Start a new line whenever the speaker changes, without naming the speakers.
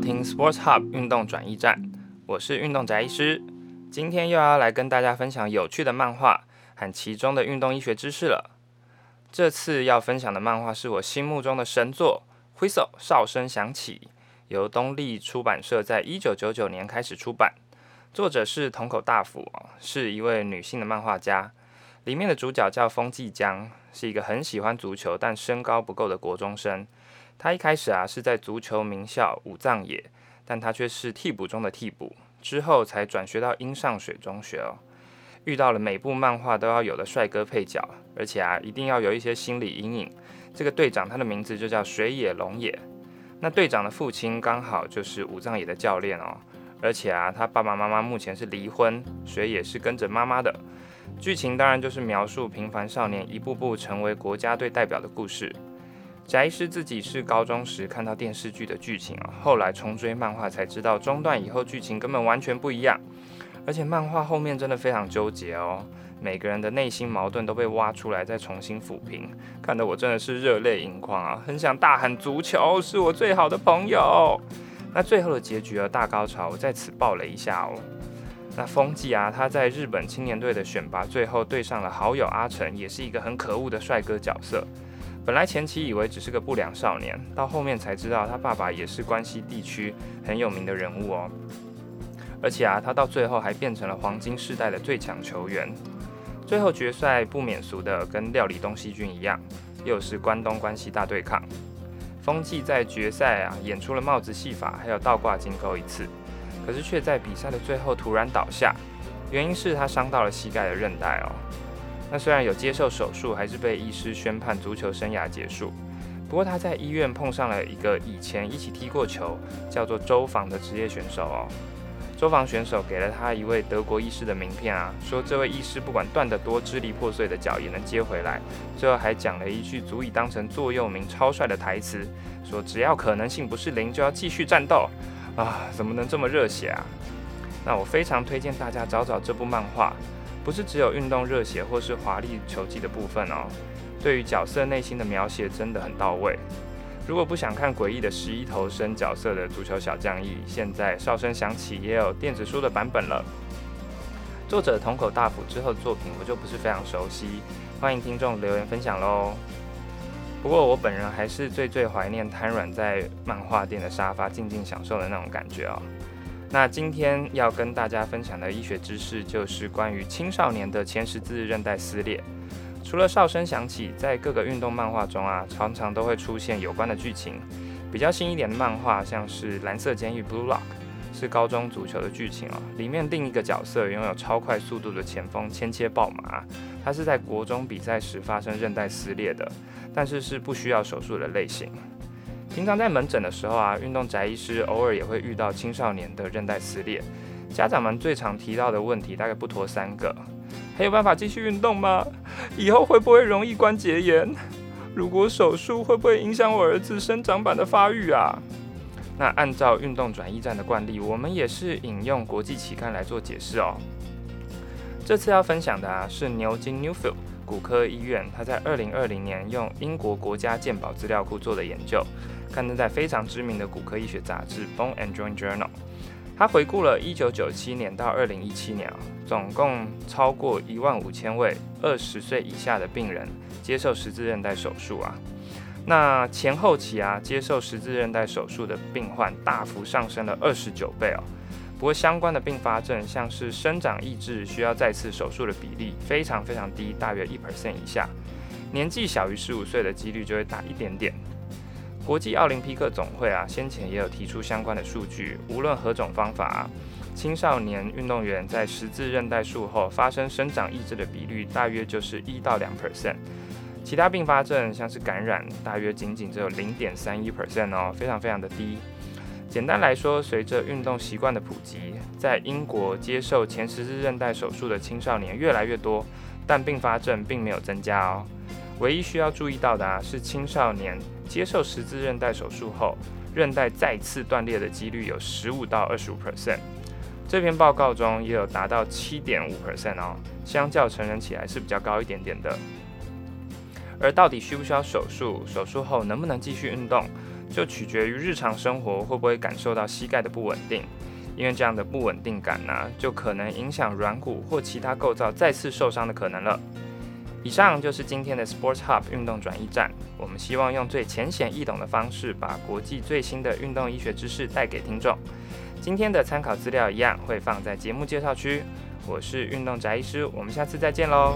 聽 Sports Hub 運動轉譯站，我是運動宅醫師，今天又要來跟大家分享有趣的漫畫和其中的運動醫學知識了。這次要分享的漫畫是我心目中的神作，《Whistle》哨聲響起，由東立出版社在1999年開始出版，作者是樋口大輔，是一位女性的漫畫家。裡面的主角叫風祭將，是一個很喜歡足球，但身高不夠的國中生。他一開始啊是在足球名校武藏野，但他卻是替補中的替補，之後才轉學到櫻上水中學哦，遇到了每部漫畫都要有的帥哥配角，而且啊一定要有一些心理陰影。這個隊長他的名字就叫水野龍也，那隊長的父親剛好就是武藏野的教練哦，而且啊他爸爸媽媽目前是離婚，水野是跟着媽媽的。劇情當然就是描述平凡少年一步步成為國家隊代表的故事。宅醫師自己是高中時看到電視劇的劇情啊、哦，後來重追漫畫才知道中段以後劇情根本完全不一樣，而且漫畫後面真的非常糾結哦，每個人的內心矛盾都被挖出來再重新撫平，看得我真的是熱淚盈眶啊，很想大喊足球是我最好的朋友。那最後的結局和、哦、大高潮我在此爆雷一下哦，那風紀啊他在日本青年隊的選拔最後對上了好友阿成，也是一個很可惡的帥哥角色。本來前期以為只是個不良少年，到後面才知道他爸爸也是關西地區很有名的人物哦。而且啊，他到最後還變成了黃金世代的最強球員。最後決賽不免俗的，跟料理東西軍一樣，又是關東關西大對抗。風季在決賽啊演出了帽子戲法，還有倒掛金鈎一次，可是卻在比賽的最後突然倒下，原因是他傷到了膝蓋的韌帶哦。那雖然有接受手術，還是被醫師宣判足球生涯結束。不過他在醫院碰上了一個以前一起踢過球，叫做周防的職業選手哦。周防選手給了他一位德國醫師的名片啊，說這位醫師不管斷得多支離破碎的腳也能接回來。最後還講了一句足以當成座右銘超帥的台詞，說只要可能性不是零就要繼續戰鬥啊！怎麼能這麼熱血啊？那我非常推薦大家找找這部漫畫。不是只有運動熱血或是華麗球技的部分哦，對於角色內心的描寫真的很到位。如果不想看詭異的十一頭身角色的足球小將翼，現在哨聲響起也有電子書的版本了。作者樋口大輔之後的作品我就不是非常熟悉，歡迎聽眾留言分享嘍。不過我本人還是最最懷念癱軟在漫畫店的沙發，靜靜享受的那種感覺哦。那今天要跟大家分享的醫學知識就是關於青少年的前十字韌帶撕裂。除了哨聲響起，在各個運動漫畫中啊，常常都會出現有關的劇情。比較新一點的漫畫，像是《藍色監獄》（Blue Lock），是高中足球的劇情哦、喔。裡面另一個角色擁有超快速度的前鋒千切豹馬，他是在國中比賽時發生韌帶撕裂的，但是是不需要手術的類型。平常在門診的時候啊，運動宅醫師偶爾也會遇到青少年的韌帶撕裂，家長們最常提到的問題大概不脫三個，還有辦法繼續運動嗎？以後會不會容易關節炎？如果手術會不會影響我兒子生長板的發育啊？那按照運動轉譯站的慣例，我們也是引用國際期刊來做解釋哦。這次要分享的啊是牛津 Newfield 骨科醫院，他在二零二零年用英國國家健保資料庫做的研究，刊登在非常知名的骨科醫學雜誌《Bone and Joint Journal》。他回顧了一九九七年到二零一七年啊，總共超過一萬五千位二十歲以下的病人接受十字韌帶手術啊，那前後期啊接受十字韌帶手術的病患大幅上升了二十九倍哦。不過相關的併發症，像是生長抑制、需要再次手術的比例非常非常低，大約一 percent 以下。年紀小於十五歲的幾率就會大一點點。國際奧林匹克總會啊，先前也有提出相關的數據，無論何種方法啊，青少年運動員在十字韌帶術後發生生長抑制的比率大約就是一到兩 percent。其他併發症像是感染，大約僅僅只有零點三一 percent 哦，非常非常的低。簡單來說，隨着運動習慣的普及，在英國接受前十字韌帶手術的青少年越來越多，但併發症並沒有增加哦。唯一需要注意到的啊，是青少年接受十字韌帶手術後，韌帶再次斷裂的幾率有十五到二十五 percent。這篇報告中也有達到七點五 percent 哦，相較成人起來是比較高一點點的。而到底需不需要手術？手術後能不能繼續運動？就取決於日常生活會不會感受到膝蓋的不穩定，因為這樣的不穩定感呢、啊，就可能影響軟骨或其他構造再次受傷的可能了。以上就是今天的 Sports Hub 運動轉譯站，我們希望用最淺顯易懂的方式把國際最新的運動醫學知識帶給聽眾。今天的參考資料一樣會放在節目介紹區。我是運動宅醫師，我們下次再見嘍。